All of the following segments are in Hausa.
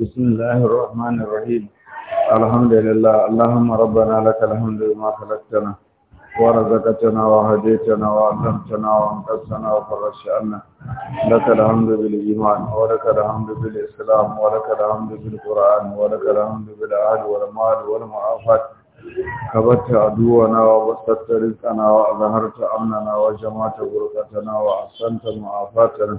بسم الله الرحمن الرحيم الحمد لله اللهم ربنا لك الحمد بما خلقتنا ورزقتنا وهديتنا وأكرمتنا وأنقذتنا وفرجت عنا لك الحمد بالإيمان ولك الحمد بالإسلام ولك الحمد بالقرآن ولك الحمد بالأهل والمال والمعافاة كبت عدونا وبسطت رزقنا وأظهرت أمننا وجمعت بركتنا وأحسنت معافاتنا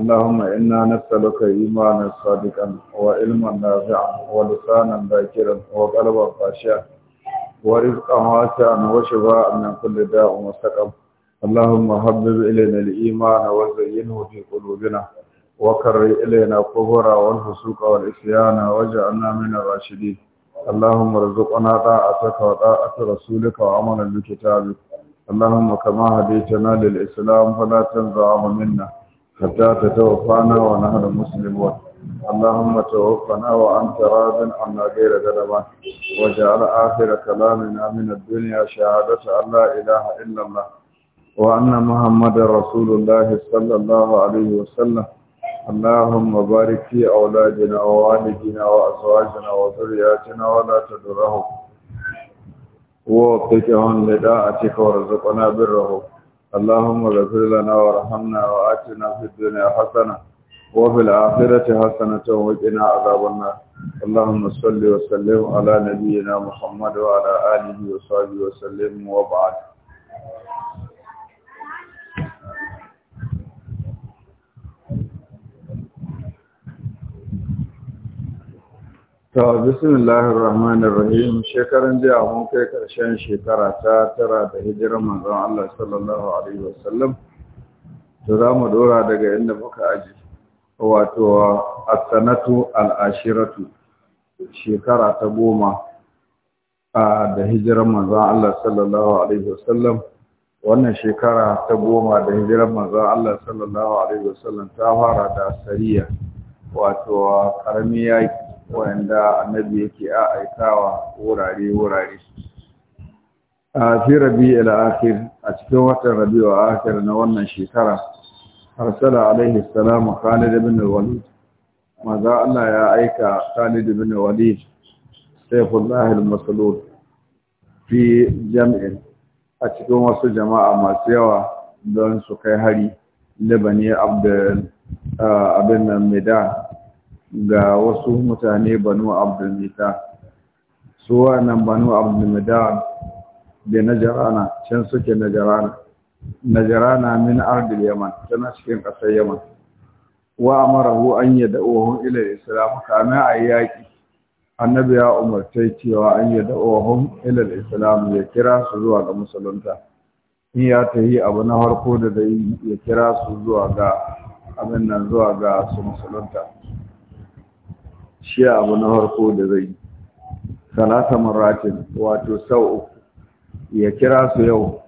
اللهم إنا نسألك إيمانا صادقا وعلما نافعا ولسانا ذاكرا وقلبا خاشعا ورزقا واسعا وشفاء من كل داء وسقم اللهم حبب إلينا الإيمان وزينه في قلوبنا وكرر إلينا الكفر والفسوق والعصيان واجعلنا من الراشدين اللهم ارزقنا طاعتك وطاعة رسولك وعملا بكتابك اللهم كما هديتنا للإسلام فلا تنزع منا حتى تتوفانا ونحن مسلمون اللهم توفنا وأنت راض عنا غير غضبان وجعل آخر كلامنا من الدنيا شهادة أن لا إله إلا الله وأن محمد رسول الله صلى الله عليه وسلم اللهم بارك في أولادنا ووالدنا وأزواجنا وذرياتنا ولا تدرهم ووفقهم لداعتك وارزقنا برهم اللهم اغفر لنا وارحمنا وآتنا في الدنيا حسنة وفي الآخرة حسنة وقنا عذاب النار اللهم صل وسلم على نبينا محمد وعلى آله وصحبه وسلم وبعد ta bismillahir rahmanir rahim shekaran jiya mun kai karshen shekara ta tara da hijirar manzon Allah sallallahu alaihi wasallam to za mu dora daga inda muka aji wato as-sanatu al-ashiratu shekara ta goma a da hijirar manzon Allah sallallahu alaihi wasallam wannan shekara ta goma da hijirar manzon Allah sallallahu alaihi wasallam ta fara da sariya wato karamin yaki wanda annabi yake a aikawa wurare wurare a fi rabi akhir a cikin watan rabi akhir na wannan shekara arsala alaihi salam Khalid ibn Walid maza Allah ya aika Khalid ibn Walid Saifullah al-Maslul fi jam'in a cikin wasu jama'a masu yawa don su kai hari labani Abdul abin nan Medan ga wasu mutane banu abdulmita su wannan banu abdulmita da najarana can suke najarana najarana min ardil yaman tana cikin ƙasar yaman wa amarahu an yad'uhum ila islam kana ayyaki annabi ya umarta cewa an yad'uhum ila islam ya kira su zuwa ga musulunta in ya yi abu na harko da ya kira su zuwa ga abin nan zuwa ga su musulunta shi abu na harko da zai salasa maratin wato sau uku ya kira su yau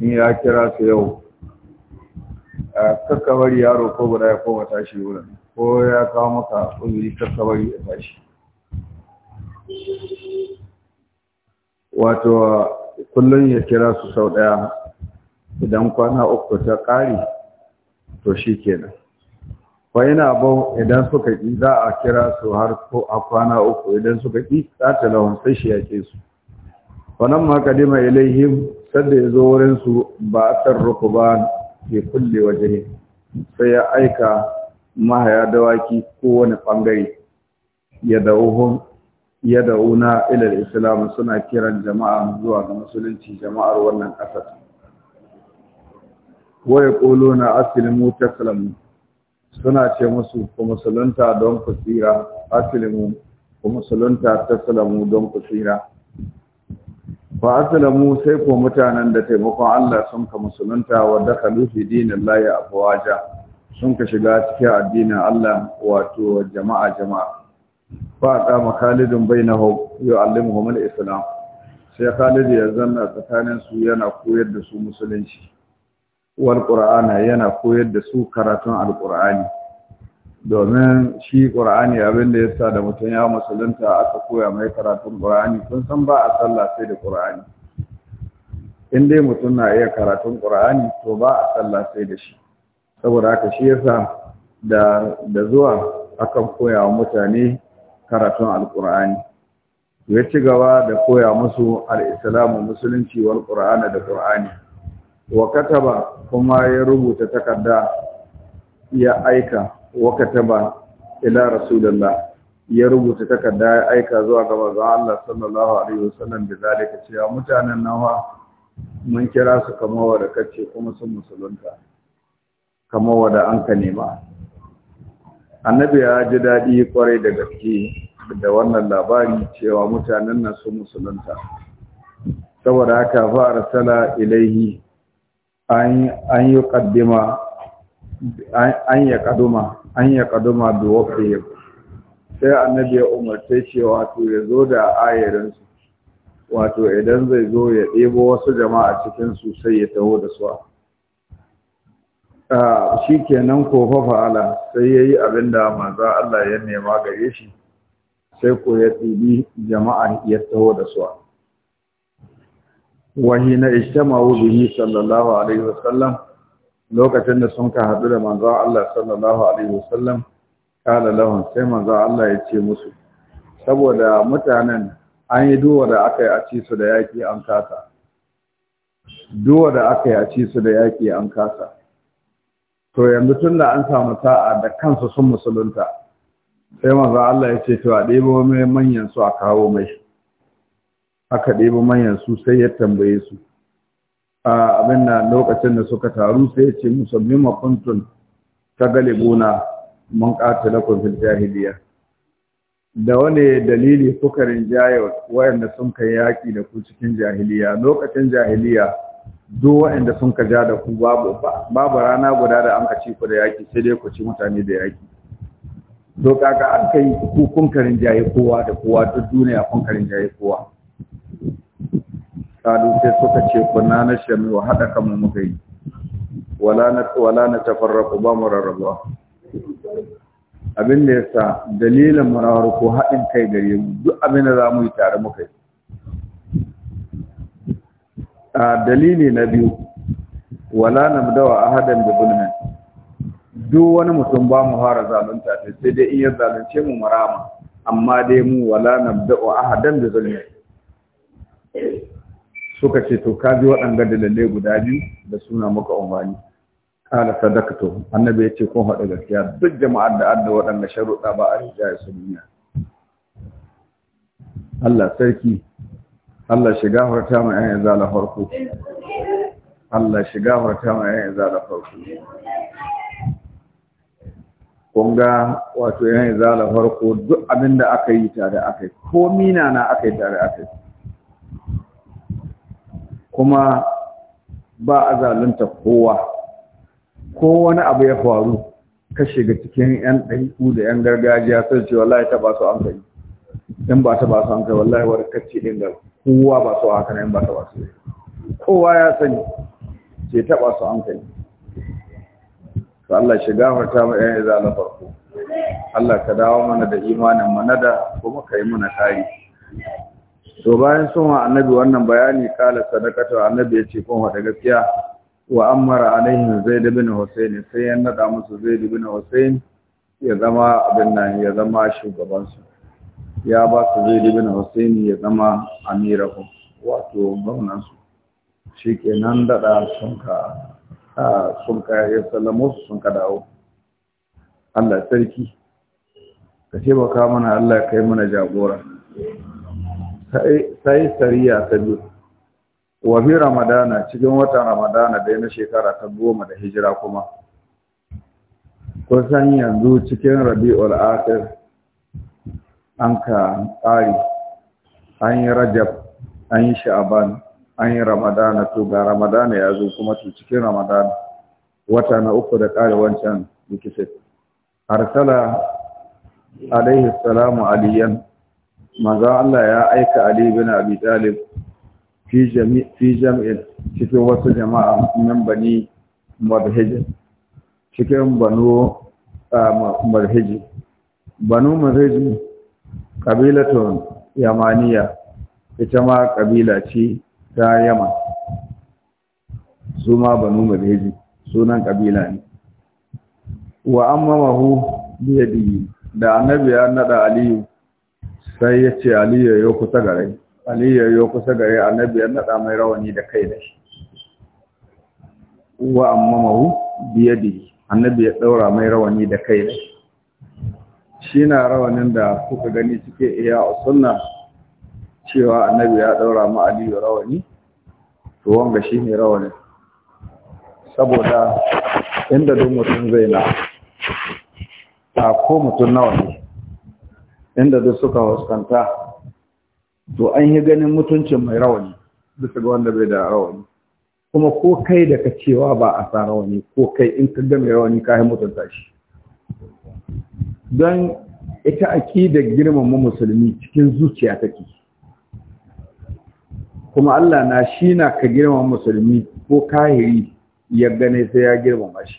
in ya kira su yau a kakkawar yaro ko guda ya koma tashi wurin ko ya kawo maka uzuri kakkawar ya tashi wato kullum ya kira su sau ɗaya idan kwana uku ta ƙari to shi kenan fa ina idan suka ƙi za a kira su har ko a kwana uku idan suka ƙi za ta lahun sai shi yake su wannan ma kadima ilaihim sadda ya zo wurin su ba a san ba, ke kulle waje sai ya aika mahaya dawaki kowane bangare ya dauhun ya da'una ilal islam suna kiran jama'a zuwa ga musulunci jama'ar wannan ƙasar wa yaquluna aslimu taslamu suna ce musu ku musulunta don ku tsira asilimu ku musulunta ta salamu don ku tsira fa asalamu sai ko mutanen da taimakon Allah sun ka musulunta wa dakhalu fi a afwaja sun ka shiga cikin addinin Allah wato jama'a jama'a fa qama khalidun bainahum yu'allimuhum al-islam sai Khalid ya zanna tsakanin su yana koyar da su musulunci wal yana koyar da su karatun alqur'ani domin shi qur'ani abin da yasa da mutum ya musulunta aka koya mai karatun qur'ani kun san ba a sallah sai da qur'ani in dai mutum na iya karatun qur'ani to ba a sallah sai da shi saboda haka shi yasa da da zuwa aka koya wa mutane karatun alqur'ani ya ci gaba da koya musu al-islamu musulunci wal qur'ana da qur'ani wa kataba kuma ya rubuta takarda ya aika wa kataba ila rasulullah ya rubuta takarda ya aika zuwa ga manzon Allah sallallahu alaihi wasallam da zalika cewa mutanen nawa mun kira su kama wada kace kuma sun musulunta kama wada an ka nema annabi ya ji dadi kwarai da gaske da wannan labari cewa mutanen nan sun musulunta saboda haka fa arsala ilaihi an yi kaddima an yi kaduma an yi kaduma da wafe sai annabi ya umarce shi wato ya zo da ayarinsu wato idan zai zo ya ɗebo wasu jama'a cikin su sai ya taho da su shi kenan ko ala sai ya yi abin da maza Allah ya nema gare shi sai ko ya ɗibi jama'a ya taho da su wahi na ishtama'u bihi sallallahu alaihi wasallam lokacin da sun ka hadu da manzo Allah sallallahu alaihi wasallam kala lahum sai manzo Allah ya ce musu saboda mutanen an yi duwa da aka yi a ci su da yaki an kasa duwa da aka yi a ci su da yaki an kasa to yanzu tun da an samu sa'a da kansu sun musulunta sai manzo Allah ya ce to a ɗebo mai manyan su a kawo mai aka ɗebo manyan su sai ya tambaye su a abin na lokacin da suka taru sai ya ce musu mimma kuntun ta galibuna mun ƙata da kwanfil jahiliya da wani dalili kuka rinjaye wayanda sun kai yaƙi da ku cikin jahiliya lokacin jahiliya duk waɗanda sun ka ja da ku babu rana guda da an ka ci ku da yaƙi sai dai ku ci mutane da yaƙi to kaga an kai ku kun ka rinjaye kowa da kowa duk duniya kun ka rinjaye kowa kalu sai suka ce kunna na shami wa hada kama muka yi wala na wala na tafarraqu ba mu rarrabuwa abin da yasa dalilin mu ko haɗin kai gare mu duk abin da za mu yi tare muka yi a dalili na biyu wala na dawa ahadan da bulmin duk wani mutum ba mu fara zalunta ta sai dai in ya zalunce mu marama amma dai mu wala na dawa ahadan da bulmin suka ce to ka bi waɗanda dalilai guda biyu da suna muka umarni kala to, annabi ya ce kun haɗa gaskiya duk jama'ar da adda waɗanda sharuɗa ba a rijaya su duniya Allah sarki Allah shiga harta mai ya zala farko Allah shiga harta mai ya zala farko kun ga wato ya zala farko duk abinda aka yi tare aka yi ko mina na aka yi tare aka yi kuma ba a zalunta kowa ko wani abu ya faru ka shiga cikin yan ku da yan gargajiya sai ce wallahi ta ba su an kai in ba ta ba su an kai wallahi wani kacce ɗin da kowa ba su haka in ba ta ba su kowa ya sani ce ta ba su an kai to Allah shi gafarta mu yan za na farko Allah ka dawo mana da imanin mana da kuma ka yi mana kari to bayan sun wa annabi wannan bayani kala sadakata annabi yace kun wa gaskiya wa amara alaihi zaid bin husayn sai ya nada musu zaid bin husayn ya zama abin nan ya zama shugaban su ya ba su zaid bin husayn ya zama ko, wato gwamnan su shikenan dada sun ka sun ka ya sallamo sun ka dawo Allah sarki ka taimaka mana Allah kai mana jagora sai sariya ta biyu wa fi ramadana cikin watan ramadana dai na shekara ta goma da hijira kuma kusan yanzu cikin rabi'ul akhir an ka tsari an yi rajab an yi sha'aban an yi ramadana to ga ramadana ya zo kuma to cikin ramadana wata na uku da kare wancan likita arsala alaihi salamu aliyan maza Allah ya aika Ali bin Abi Talib fi jami' fi cikin wasu jama'a nan bani Mudhij cikin banu Mudhij banu Mudhij kabilatun yamaniya ita ma kabila ce ta yama. su ma banu Mudhij sunan kabila ne wa amma mahu biyadi da annabi ya nada aliyu sai ya ce aliyu ya kusa gare aliyu ya kusa gare annabi ya naɗa mai rawani da kai da shi wa amma mahu biyadi annabi ya daura mai rawani da kai da shi shi na rawanin da kuka gani cike iya a sunna cewa annabi ya daura ma aliyu rawani to wanga shi ne rawani. saboda inda duk mutum zai na ta ko mutum nawa ne inda duk suka huskanta to an yi ganin mutuncin mai rawani bisa ga wanda bai da rawani kuma ko kai da ka cewa ba a sa rawani ko kai in ka ga mai rawani ka yi mutunta shi don ita da girmama musulmi cikin zuciya take kuma Allah na shi na ka girmama musulmi ko kahiri ya gane sai ya girmama shi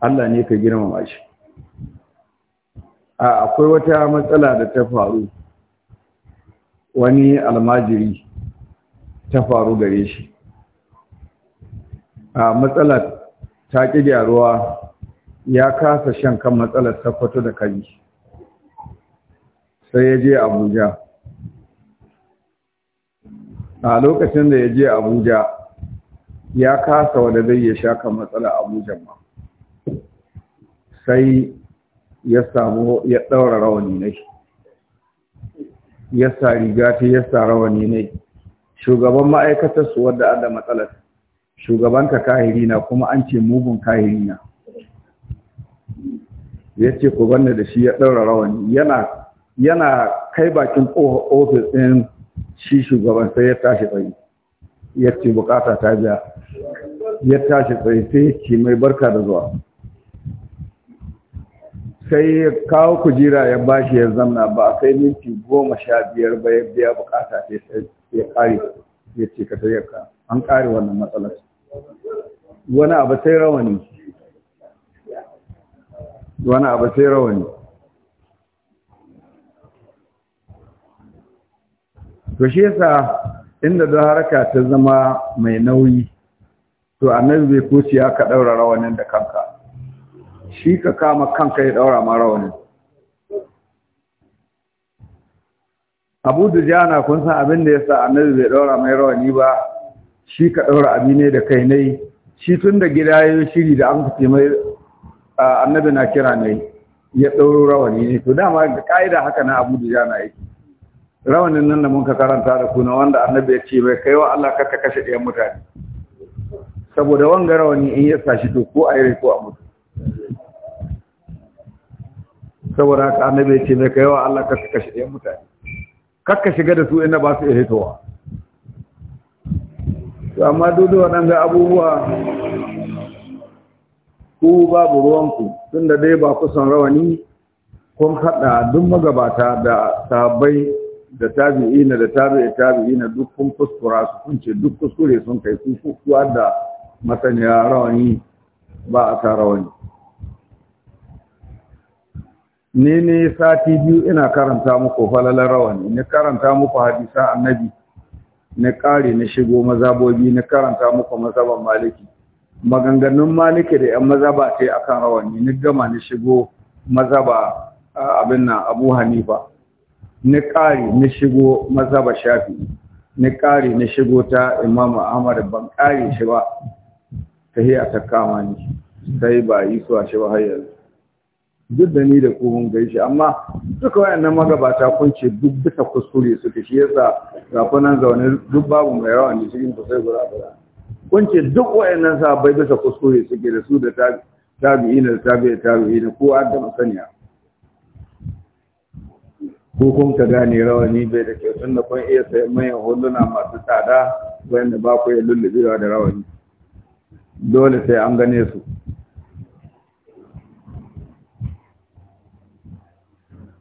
Allah ne ka girmama shi a akwai wata matsala da ta faru wani almajiri ta faru gare shi a matsala ta ƙi gyaruwa ya kasa shan kan matsalar sakwato da kaji sai ya je abuja a lokacin da ya je abuja ya kasa wadda zai ya sha kan matsalar abuja ma sai ya samu ya ɗaura rawani ne ya sa riga ta ya sa rawani ne shugaban ma'aikatar su wadda da matsalar shugaban ka kahiri na kuma an ce mugun kahiri na ya ce ku banne da shi ya ɗaura rawani yana kai bakin ofis ɗin shi shugaban sai ya tashi tsaye ya ce bukata ta biya ya tashi tsaye sai ya ce mai barka da zuwa sai ya kawo kujera ya bashi ya zamna ba a kai minti goma sha biyar ba ya biya bukata sai ya kare ya ce ka sai ka an kare wannan matsalar wani abu sai rawani wani abu sai rawani to shi yasa inda da haraka ta zama mai nauyi to annabi bai kuciya ka daura rawanin da kanka shi ka kama kanka ya daura ma rawani Abu Dujana kun san abin da yasa Annabi bai daura mai rawani ba shi ka daura abi ne da kai nai shi tun da gida ya shiri da an fice mai Annabi na kira nai ya dauro rawani ne to dama kaida haka na Abu Dujana yake rawanin nan da mun ka karanta da kuna wanda Annabi ya ce kai wa Allah ka kashe ɗayan mutane saboda wanga rawani in ya sashi to ko a yi ko a mutu saboda haka annabi ya ce mai ka wa Allah ka suka shi mutane kakka shiga da su ina ba su iya to amma dole waɗanda abubuwa ku babu ruwanku tun da dai ba ku son rawani kun haɗa duk magabata da sabai da tabi'ina da tabi'i tabi'ina duk kun kuskura su kun ce duk kuskure sun kai su kuwa da masaniya rawani ba a sa rawani ni ne sati biyu ina karanta muku falalar rawani ni karanta muku hadisa annabi ni kare ni shigo mazabobi ni karanta muku mazaban maliki maganganun maliki da yan mazaba ce akan rawani ni gama ni shigo mazaba abin nan abu hanifa ni kare ni shigo mazaba shafi ni kare ni shigo ta imamu ahmad ban kare shi ba tahiya ta kama ni sai ba yi suwa shi ba har yanzu duk da ni da mun gaishe amma duka wayannan magabata kun ce duk duka kuskure suke shi yasa ga kunan zaune duk babu mai yawa da cikin ku sai gura gura kun ce duk wayannan bai duka kuskure suke da su da tabi'in da tabi'i tabi'in ko an da ko kun ka gane rawani bai da kyau tunda kun iya sai mai huluna masu tsada wayanda ba ku ya lullubewa da rawani dole sai an gane su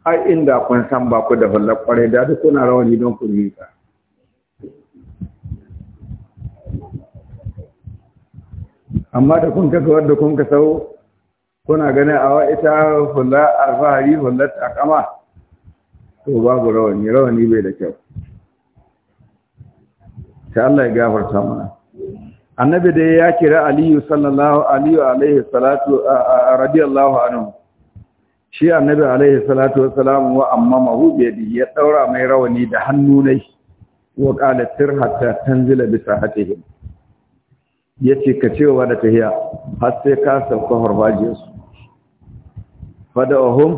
ai inda kun san ba ku da hullar kwarai da duk kuna rawani don ku miƙa amma da kun kasa wadda kun kasau kuna ganin awa ita hullar alfahari hullar takama to babu rawani rawani bai da kyau sai Allah ya gafarta mana annabi dai ya kira aliyu sallallahu alaihi salatu radiyallahu anhu shi annabi alaihi salatu wassalam wa amma mahu biyadi ya daura mai rawani da hannu ne wa qala tir hatta tanzila bi sahatihi yace ka cewa da tahiya har sai ka sauka harbajiya su fada'uhum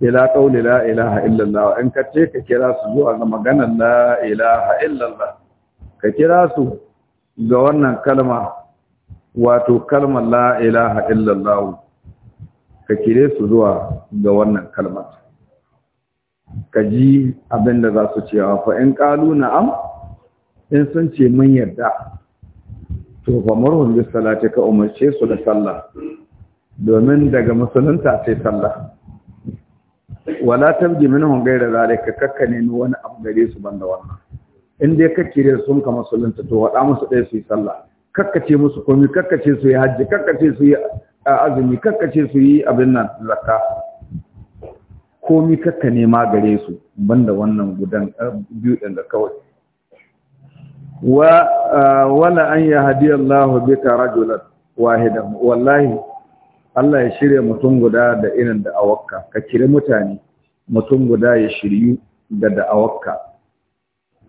ila qawli la ilaha illallah in ka ce ka kira su zuwa ga maganar la ilaha illallah ka kira su ga wannan kalma wato kalmar la ilaha illallah ka kire su zuwa ga wannan kalmar ka ji abin da za su cewa fa in ƙalu na'am in sun ce mun yarda to fa marhum bi salati ka umarce su da sallah domin daga musulunta sai sallah wala tabji minhum ghayra zalika kakka ne wani abu gare su banda wannan in dai ka kire sun ka musulunta to wada musu dai su yi sallah kakkace musu komi kakkace su yi hajji kakkace su yi azumi kakkace su yi abin nan zakka komi kakka nema gare su banda wannan gudan biyu ɗin da kawai wa wala an ya hadi Allah ka rajulan wahidan wallahi Allah ya shirya mutum guda da irin da awakka ka kire mutane mutum guda ya shiryu da da awakka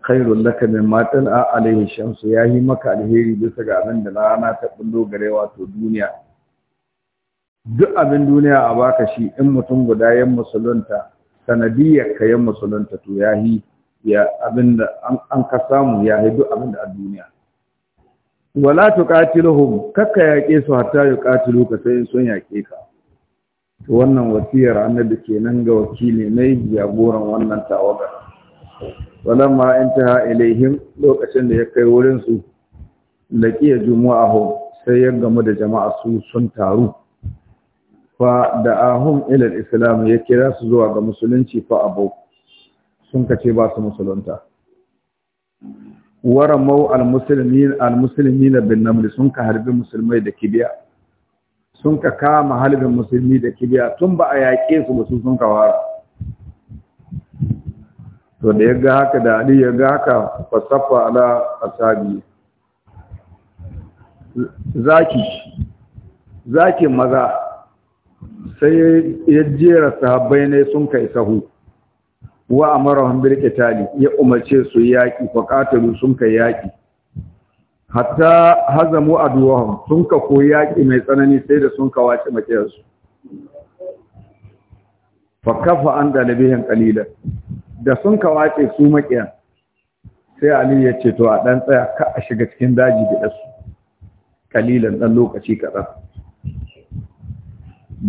khairul laka min ma tal'a alaihi shamsu yi maka alheri bisa ga abin da rana ta bullo gare wato duniya duk abin duniya a baka shi in mutum guda yan musulunta sanadiyar ka yan musulunta to yi ya abin da an ka samu yi duk abin da a duniya wala qatiluhum kaka yaƙe su hatta yuqatilu ka sai sun yaƙe ka to wannan wasiyar annabi kenan ga wakili mai jagoran wannan tawagar wannan ma in ta ilaihim lokacin da ya kai wurin su laqiya jumu'ahum sai ya gamu da jama'a su sun taru fa da ahum ila islam ya kira su zuwa ga musulunci fa abu sun kace ba su musulunta waramau almuslimin almuslimin bin naml sun ka harbi musulmai da kibiya sun ka kama halbin musulmi da kibiya tun ba a yaƙe su ba su sun ka wara to da ya ga haka da ali ya ga haka fasafa ala asabi zaki zakin maza sai ya jera sahabbai ne sun kai sahu wa amarahum bil qitali ya umarce su yaki fa qatalu sun kai yaki hatta hazamu aduwahum sun ka koyi yaki mai tsanani sai da sun kawace makiyarsu fa kafa an dalibihin qalilan da sun kawace su maƙiyan sai ali ya ce to a ɗan tsaya ka a shiga cikin daji da su kalilan ɗan lokaci kaɗan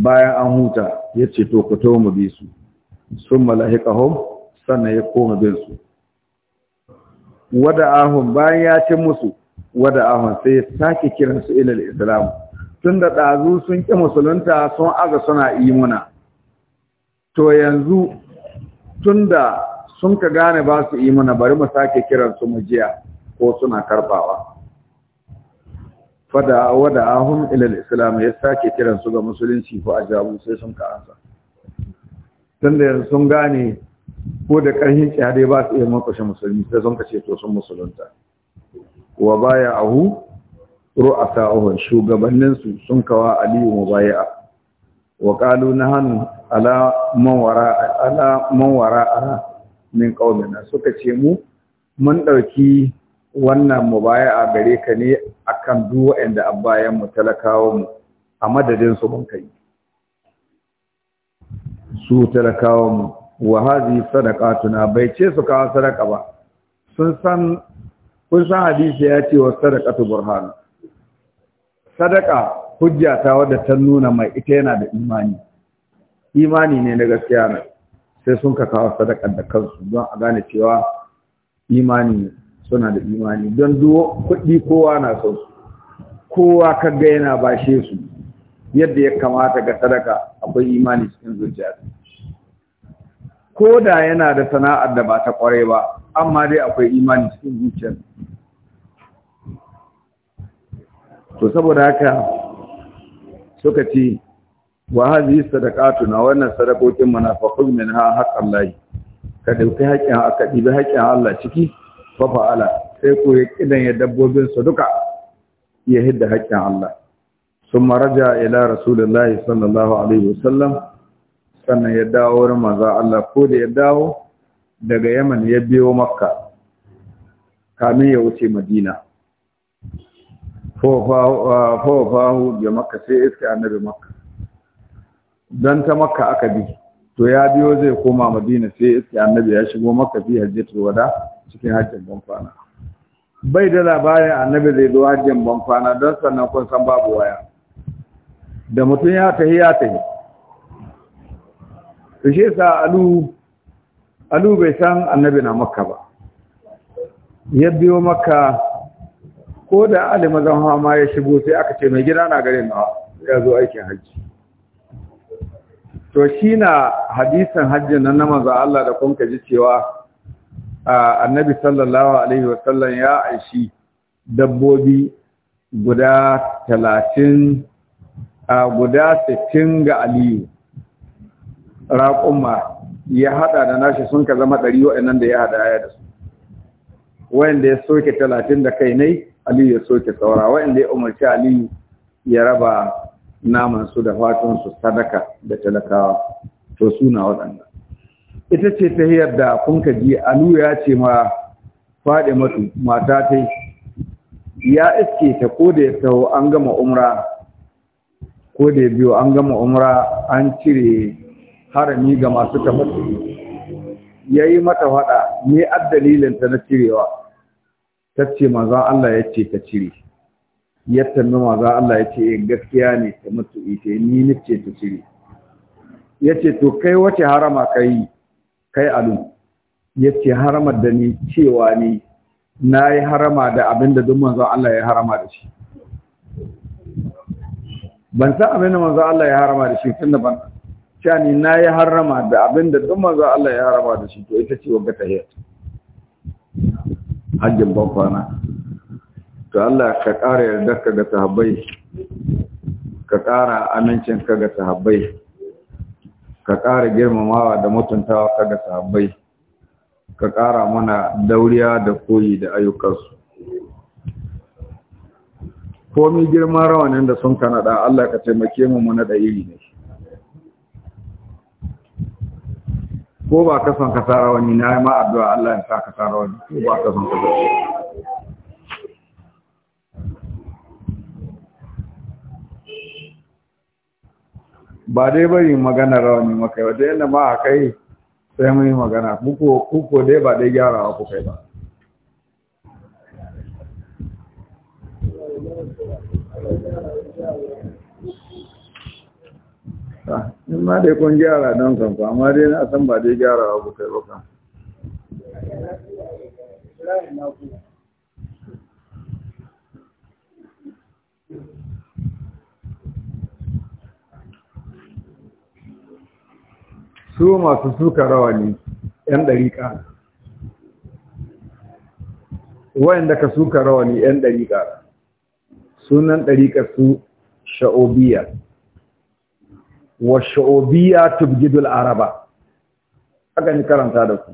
bayan an huta ya ce to ku to mu bi su sun malahi ƙahon sannan ya koma bin su wada ahun bayan ya ce musu wada ahun sai ya sake kiransu ilal islam tun da ɗazu sun ƙi musulunta sun aga suna imuna to yanzu tunda sun ka gane ba su yi mana bari mu sake kiran su mu jiya ko suna karbawa fada wada ahum ila islam ya sake kiran su ga musulunci ko ajabu sai sun ka ansa tunda yanzu sun gane ko da ƙarfin hade ba su iya makwashe musulmi sai sun kace to sun musulunta wa baya ahu ru'asa ahun shugabanninsu sun kawa aliyu mubaya'a wa qalu nahanu ala manwara a min ƙaunina suka ce mu mun ɗauki wannan mu baya a gare ka ne a kan duwa'in bayan mu talakawa mu a madadinsu mun kai su talakawa mu wa hazi sadaqatuna bai ce su kawo sadaka ba sun san kun san hadisi ya ce wa sadaqatu burhan sadaka hujja wadda ta nuna mai ita yana da imani imani ne na gaskiya ne sai sun ka kawo sadakar da kansu don a gane cewa imani suna da imani don duwo kuɗi kowa na son su kowa ka ga yana bashe su yadda ya kamata ga sadaka akwai imani cikin zuciya ko da yana da sana'ar da ba ta kware ba amma dai akwai imani cikin zuciya to saboda haka suka ce wa hadhihi sadaqatuna wannan sadakokin mu na fa khudh minha haqqan lahi ka dauki haƙƙin aka dibi haƙƙin Allah ciki fa fa'ala sai ku yi kidan ya dabbobin su duka ya hidda haƙƙin Allah summa raja ila rasulullahi sallallahu alaihi wasallam sannan ya dawo wurin manzo Allah ko da ya dawo daga Yaman ya biyo Makka kamin ya wuce Madina fofahu ya Makka sai iska annabi Makka don ta makka aka bi to ya biyo zai koma madina sai iska annabi ya shigo makka fi hajjatul wada cikin hajjin banfana bai da labarin annabi zai zo hajjin banfana don sannan kun san babu waya da mutum ya tahi ya tahi to shi sa alu alu bai san annabi na makka ba ya biyo makka ko da alimazan zan ma ya shigo sai aka ce mai gida na garin na ya zo aikin hajji to shi na hadisin hajjin nan na maza Allah da kun ji cewa annabi sallallahu alaihi wasallam ya aishi dabbobi guda talatin guda sittin ga aliyu raƙumma ya haɗa da nashi sun ka zama ɗari waɗannan da ya haɗa ya da su wanda ya soke talatin da kai aliyu ya soke saura wanda ya umarci aliyu ya raba namansu da fatansu sadaka da talakawa to suna waɗanda ita ce ta hiyar da kun ka ji anu ya ce ma faɗi matu mata ta ya iske ta ko da ya taho an gama umra ko da ya biyo an gama umra an cire harami ga masu tabbatu ya yi mata faɗa ne ad dalilinta na cirewa ta ce manzon Allah ya ce ka cire yadda na maza Allah ya ce eh, gaskiya ne ta mutu ita ni ce ta cire ya ce to kai wace harama ka yi kai alu ya ce haramar da ni cewa ni na yi harama da abin da duk manzo Allah ya harama da shi ban san abin da manzo Allah ya harama da shi tun da ban cewa ni na yi harama da abin da duk manzo Allah ya harama da shi to ita ce wa gata tahiyat hajjin ban kwana to Allah ka ƙara yarda ka ga sahabbai ka ƙara amincin ka ga sahabbai ka ƙara girmamawa da mutuntawa ka ga sahabbai ka ƙara mana dauriya da koyi da ayyukansu komi girman rawanin da sun kanada Allah ka taimake mu mu nada iri ne ko ba ka son ka sa wani na yi ma addu'a Allah ya sa ka sa wani? ko ba ka son ka sa ba dai bari magana rauni maka yau dai yadda ma a kai sai mun yi magana kuko dai ba dai gyara ku kai ba ah, in ma dai kun gyara don kanku amma dai na san ba dai gyara ku kai ba kan su masu suka rawani yan dariƙa wayanda ka suka ne yan dariƙa sunan dariƙa su sha'obiya wa sha'obiya tubgidul araba haka ni karanta da su.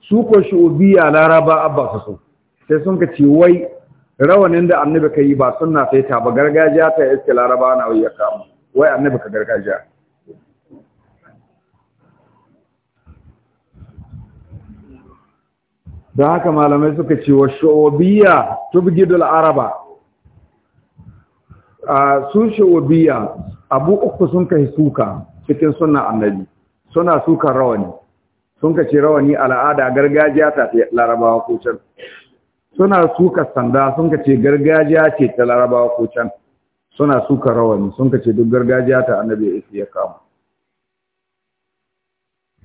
su ko sha'obiya laraba abba su so sai sun ka ce wai rawanin da annabi ka yi ba suna sai ta ba gargajiya ta iske laraba na wai ya kama wai annabi ka gargajiya don haka malamai suka ce wa sha'obiya tubgidul araba a su sha'obiya abu uku sun kai suka cikin suna annabi suna sukan rawani sun ka ce rawani al'ada gargajiya ta larabawa ko can suna suka sanda sun ka ce gargajiya ce ta larabawa ko can suna suka rawani sun ka ce duk gargajiya ta annabi ya kama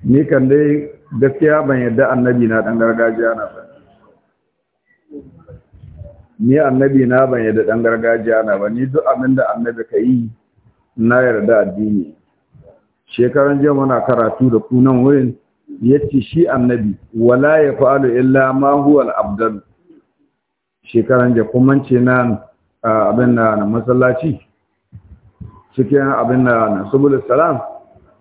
ni kan dai gaskiya ban yadda annabi na dan gargajiya na ba ni annabi na ban yadda dan gargajiya na ba ni duk abin da annabi ka yi na yarda addini shekaran jiya muna karatu da kunan wurin yace shi annabi wala ya fa'alu illa ma huwa al-abdal shekaran jiya kuma ce nan abin na masallaci cikin abin na subul salam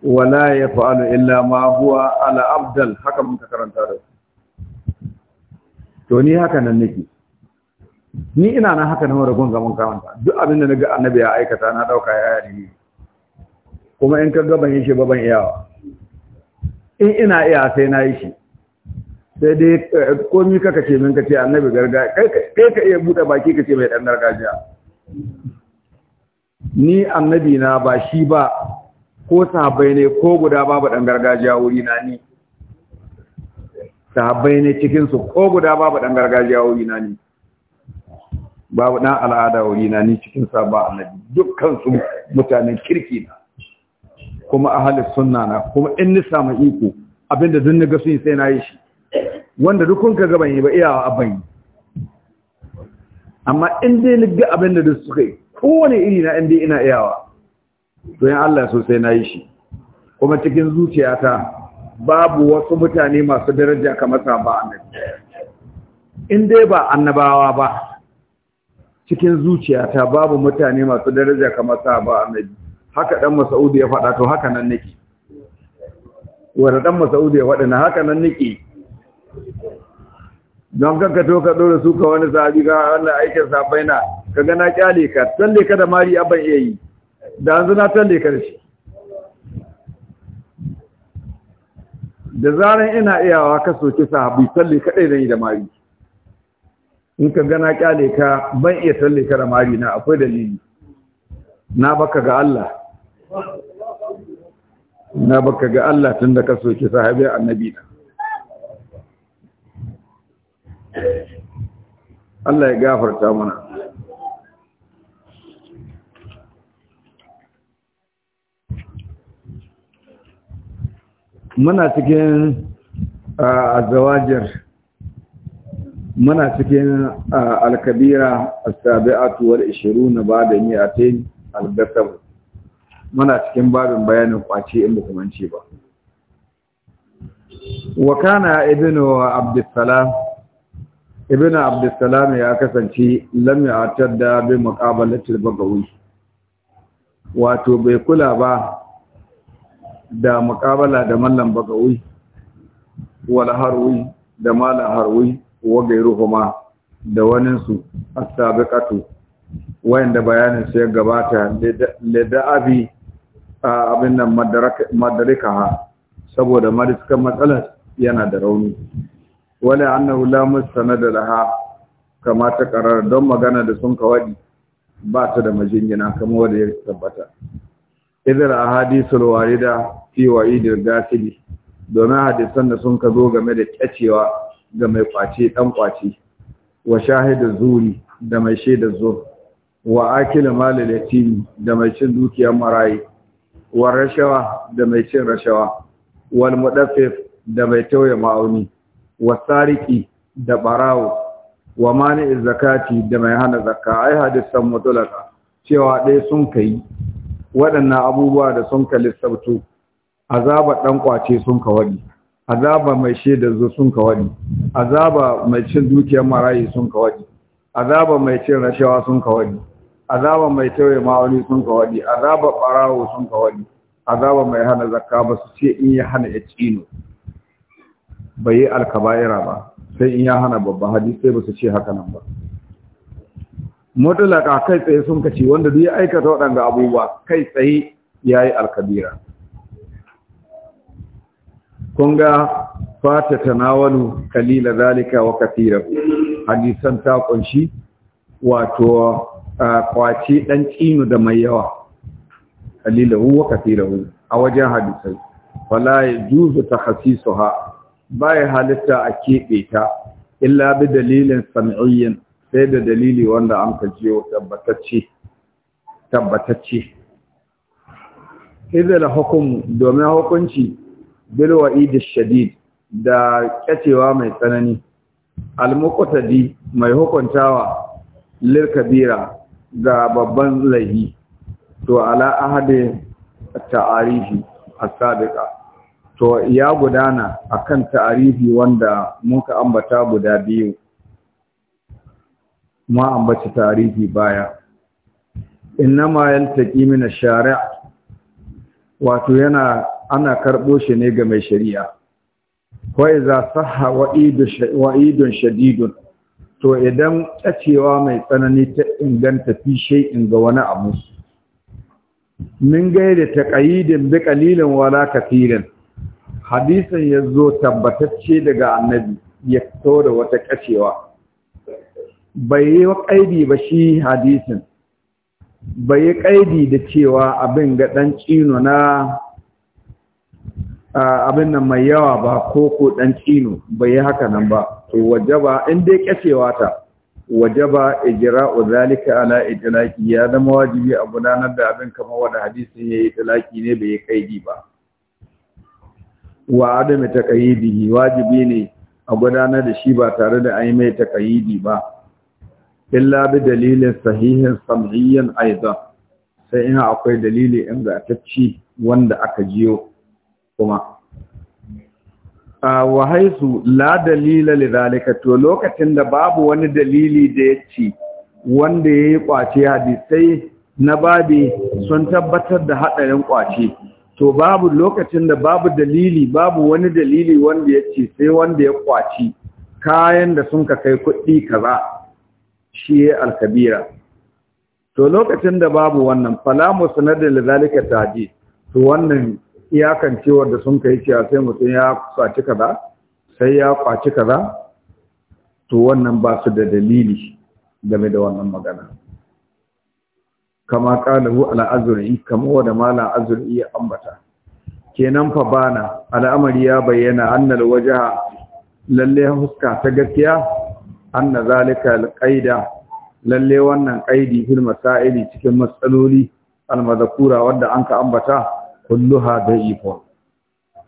wala ya fa'alu illa ma huwa ala abdal haka mun karanta da su to ni haka nan nake ni ina nan haka nan ragon zaman kawanta. duk abin da naga annabi ya aikata na dauka ya yari ni kuma in ka gaban yin shi ba ban iyawa in ina iya sai na yi shi sai dai eh, komi kaka ce min kace annabi gargajiya kai ka iya buɗe baki kace mai dan gargajiya ni annabi na ba shi ba ko sahabbai ne ko guda babu ɗan gargajiya wuri na ni sahabbai ne cikinsu ko guda babu ɗan gargajiya wuri na ni babu ɗan al'ada wuri na ni cikin sabon annabi dukkansu mutanen kirki na kuma ahalis sunna na kuma in ni samu iko abinda zunni ga sun yi sai na yi shi wanda dukkan ka gaban yi ba iyawa abin yi amma in dai ni ga abinda da suka yi kowane iri na in dai ina iyawa to yin Allah so sai na yi shi kuma cikin zuciyata babu wasu mutane masu daraja kamar sa ba annabi in dai ba annabawa ba cikin zuciyata babu mutane masu daraja kamar sa ba annabi haka dan Mas'ud ya faɗa to haka nan nake wanda dan Mas'ud ya faɗa na haka nan nake don kanka to ka dora su ka wani sahabi ga Allah aikin safaina ka na kyale ka tsalle ka da mari aban yayi da yanzu na talle ka da shi da zaran ina iyawa ka soke bi talle kaɗai da yi da mari in ka gana kyale ka ban iya talle ka da mari na akwai dalili na baka ga Allah na baka ga Allah tun da ka soke sahabi annabi na Allah ya gafarta mana muna cikin azawajir muna cikin alkabira as na wal 20 ba'da mi'atain al-basar muna cikin babin bayanin kwace in muku ba wa kana ibnu abdussalam ibnu abdussalam ya kasance lam ya'tadda bi muqabalatil bagawi wato bai kula ba da muƙabala da mallan bagawi wala harwi da mala harwi wa kuma da waninsu as-sabiqatu wayanda bayanin su ya gabata abi abin nan saboda mariskan matsalar yana da rauni wala annahu la musnad laha kama ta karar don magana da sun kawadi ba ta da majinyina kamar wanda ya tabbata idar hadisul warida fi wa'idil gasili domin hadisan da sun ka zo game da kyacewa ga mai kwace ɗan kwace wa shahidu zuri da mai shaidar zo wa akil malil yatim da mai cin dukiyar marayi wa rashawa da mai cin rashawa wal mudaffif da mai tauye ma'auni wa sariki da barawo wa mani zakati da mai hana zakka ai hadisan mutulaka cewa dai sun kai waɗannan abubuwa da sun ka lissabtu azaba ɗan kwace sun ka waɗi azaba mai shaidar zo sun ka waɗi azaba mai cin dukiyar marayi sun ka waɗi azaba mai cin rashawa sun ka waɗi azaba mai tauye ma'auni sun ka waɗi azaba ɓarawo sun ka waɗi azaba mai hana zakka ba su ce in ya hana ya cino bai yi alkaba'ira ba sai in ya hana babba hadisi sai ba su ce haka nan ba mutulaka kai tsaye sun kace wanda duk ya aikata waɗanda abubuwa kai tsaye ya yi alkabira kun ga fata tanawalu kalila zalika wa kafira hadisan ta ƙunshi wato kwace dan tsinu da mai yawa kalilahu wa kafirahu a wajen hadisai fala yajuzu takhsisuha bai halitta a keɓe ta illa bi dalilin sam'iyyin sai da dalili wanda an ka jiyo tabbatacce tabbatacce idza hukum domin hukunci bil wa'id shadid da ƙyacewa mai tsanani al muqtadi mai hukuntawa lil kabira ga babban laifi, to ala ahadi ta'arifi as to ya gudana akan ta'arifi wanda muka ambata guda biyu ma ambaci tarihi baya innama yaltaqi min ash-shari' wato yana ana karbo shi ne ga mai shari'a wa iza sahha wa'idun shadidun to idan kacewa mai tsanani ta inganta fi in ga wani abu min gaida taqayidin bi qalilan wala kathirin hadisin yazo tabbatacce daga annabi ya da wata kacewa bai yi kaidi ba shi hadisin bai yi kaidi da cewa abin ga dan cino na abin nan mai yawa ba ko ko dan cino bai yi haka nan ba to wajaba in dai kacewa ta wajaba ijra'u zalika ala itlaqi ya zama wajibi a gudanar da abin kamar wanda hadisin yayi itlaqi ne bai yi kaidi ba wa adam takayidi wajibi ne a gudanar da shi ba tare da ayi yi mai takayidi ba illa bi dalilin sahihin sam'iyyan aidan sai ina akwai dalili ingantacci wanda aka jiyo kuma wa haisu la dalila lidhalika to lokacin da babu wani dalili da ya ci wanda yayi kwace hadisai na babi sun tabbatar da hadarin kwace to babu lokacin da babu dalili babu wani dalili wanda ya ce sai wanda ya kwaci kayan da sun ka kai kuɗi kaza shi ya alkabira to lokacin da babu wannan fala musnadin ta taji to wannan iyakan cewar da sun kai cewa sai mutum ya kwaci kaza sai ya kwaci kaza to wannan ba su da dalili game da wannan magana kama kalahu ala azuri kama da mala azuri ya ambata kenan fa bana al'amari ya bayyana annal wajaha lalle huska ta gaskiya anna zalika alqaida lalle wannan qaidi fil masaili cikin matsaloli almadhkura wanda anka ambata kulluha da'ifun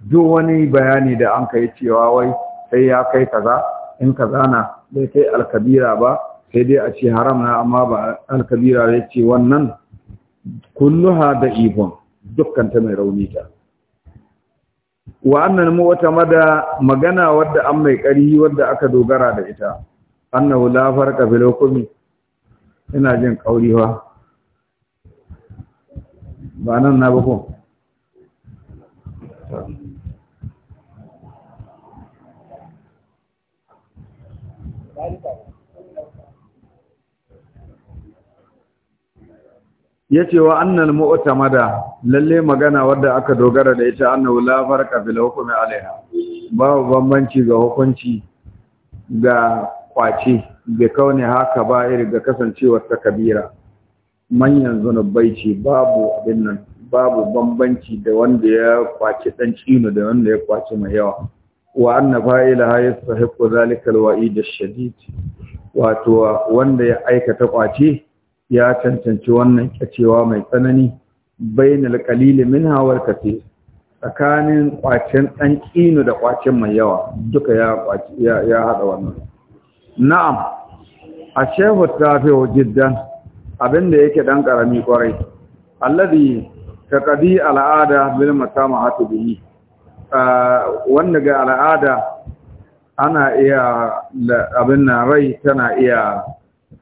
duk wani bayani da anka yi cewa wai sai ya kai kaza in kaza na bai kai alkabira ba sai dai a ce haram na amma ba alkabira ya ce wannan kulluha da'ifun dukkan ta mai rauni ta wa annan mu wata mada magana wadda an mai ƙari wadda aka dogara da ita annahu la farqa bil hukmi ina jin kauri fa ba nan na ba ko ya ce wa annal mu'tamada lalle magana wadda aka dogara da ita annahu la farqa fil hukmi alaiha babu bambanci ga hukunci ga kwace bi kaune haka ba iri ga kasancewar ta kabira manyan zunubai ce babu abin nan babu bambanci da wanda ya kwaci dan cino da wanda ya kwaci mai yawa wa anna fa'ilaha yastahiqu zalika alwa'id ash-shadid wato wanda ya aikata kwace ya cancanci wannan kyacewa mai tsanani bainal qalil minha wal kathir tsakanin kwacen dan cino da kwacen mai yawa duka ya kwaci ya hada wannan na'am a shehu tafiyo jiddan abinda yake dan karami kwarai alladhi ka kadi al'ada bil hatu bihi wanda ga al'ada ana iya abin na rai tana iya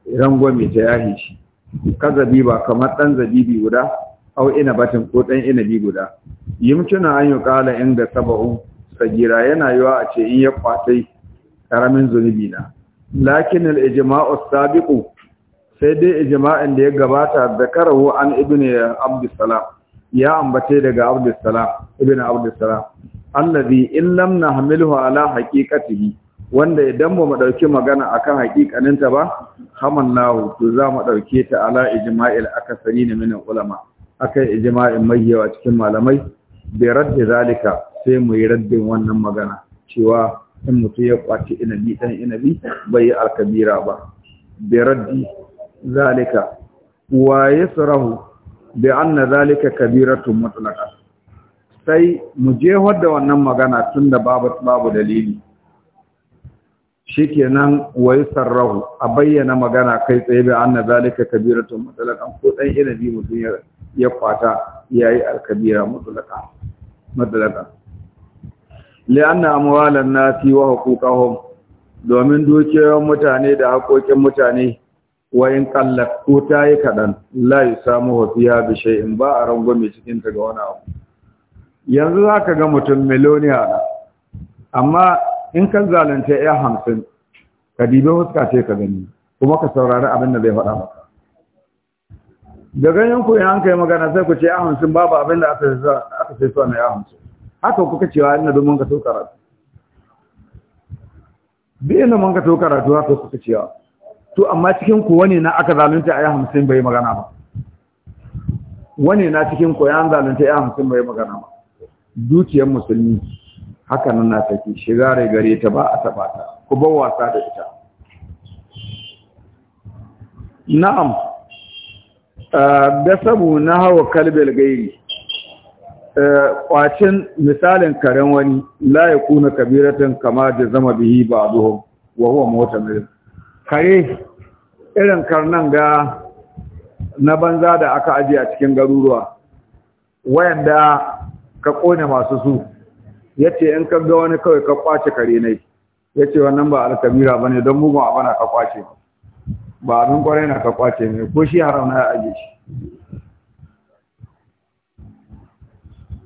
rangwame ta yahi shi ka ba kamar dan zabibi guda au ina batin ko dan inabi guda yimtuna an yi kala inda sabu sagira yana yiwa a ce in ya kwatai karamin zunubi na lakin al-ijma'u sai dai Ijima'in da ya gabata da zakarahu an ibn abdussalam ya ambace daga abdussalam ibn abdussalam allazi in lam nahmiluhu ala haqiqatihi wanda idan ba mu dauki magana akan haqiqaninta ba hamannahu to za mu dauke ta ala ijma'il ni min ulama akai ijma'in mayyawa cikin malamai bi raddi zalika sai mu yi raddin wannan magana cewa in mutum ya kwace inabi dan inabi bai yi alkabira ba bi raddi zalika wa yasrahu bi anna zalika kabiratun mutlaqa sai mu je wadda wannan magana tunda babu babu dalili shikenan wa yasrahu a bayyana magana kai tsaye bi anna zalika kabiratun mutlaqan ko dan inabi mutum ya kwata yayi alkabira mutlaqa li'anna amwalan nasi wa huquqahum domin dukiyoyin mutane da haƙoƙin mutane wa in qallat ko tayi kadan la yusamu wa fiha bi shay'in ba a rangwame cikin ta ga wani abu yanzu zaka ga mutum miloniya na amma in kan zalunta ya hamsin ka dibe huska ce ka gani kuma ka saurari abin da zai faɗa maka da ganyen ku in an kai magana sai ku ce ya hamsin babu abin da aka sai suwa na ya hamsin haka kuka cewa ina domin ka so karatu duk da mun ka so karatu haka kuka cewa to amma cikin ku wani na aka zalunta yi 50 bai magana ba wani na cikin ku yan zalunta yi 50 bai magana ba dukiyar musulmi haka nan na tafi shiga rai gare ta ba a taba ta ku bar wasa da ita na'am ah, da sabu na hawa kalbel gairi kwacin misalin karen wani la ya kuna kabiratan kama da zama bihi ba duhun wa huwa mota mai kare irin karnan ga na banza da aka aji a cikin garuruwa wayanda ka kone masu su ya ce in ka ga wani kawai ka kwace kare Ya ce wannan ba alkabira ne don mugun abana ka kwace ba abin kwarai na ka kwace ne ko shi haram na aje shi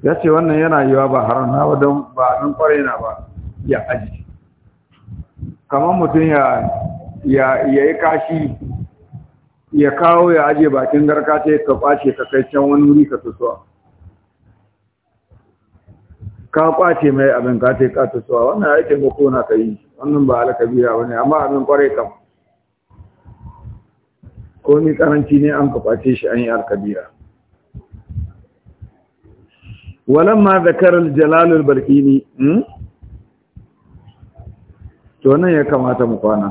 ya ce wannan yana yiwa ba haram na ba don ba nan kwarai na ba ya aji kamar mutum ya yi kashi ya kawo ya aje bakin garka ta ka kwace ka kai can wani wuri ka tutuwa ka kwace mai abin ka ta ka tutuwa wannan ya yi taimako na ka yi wannan ba alkabira ba ne amma abin kwarai kam ko ni karanci ne an ka kwace shi an yi alkabira walamma zakarar jalalul balkini hmm? to nan ya kamata mu kwana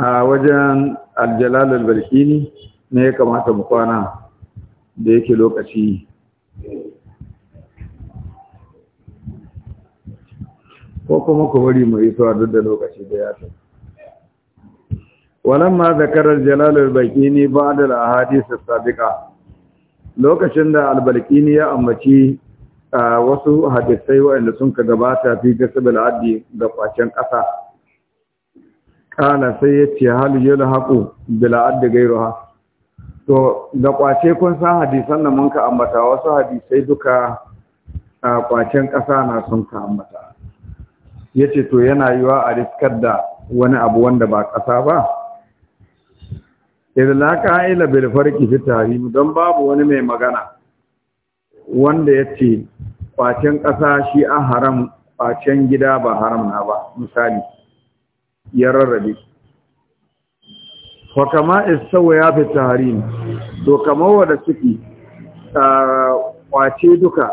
a wajen aljalalul balkini ne ya kamata mu kwana da yake lokaci ko kuma ku bari mu yi tuwa duk da lokaci da ya tafi walamma zakarar jalalul balkini ba da ahadith as-sabiqah lokacin da albalikini ya ambaci wasu hadisai waɗanda sun ka gabata fi gasabal addi ga kwacen ƙasa kana sai ya ce halu yi haƙu bila addi gairuwa to ga kwace kun san hadisan da mun ka ambata wasu hadisai duka kwacen ƙasa na sun ka ambata ya ce to yana yiwa a riskar da wani abu wanda ba ƙasa ba idan la ka'ila bil farqi fi tarim don babu wani mai magana wanda yace facen ƙasa shi a haram facen gida ba haram na ba misali ya rarrabe kama isawa ya fi tarim to kamar wanda suke kwace duka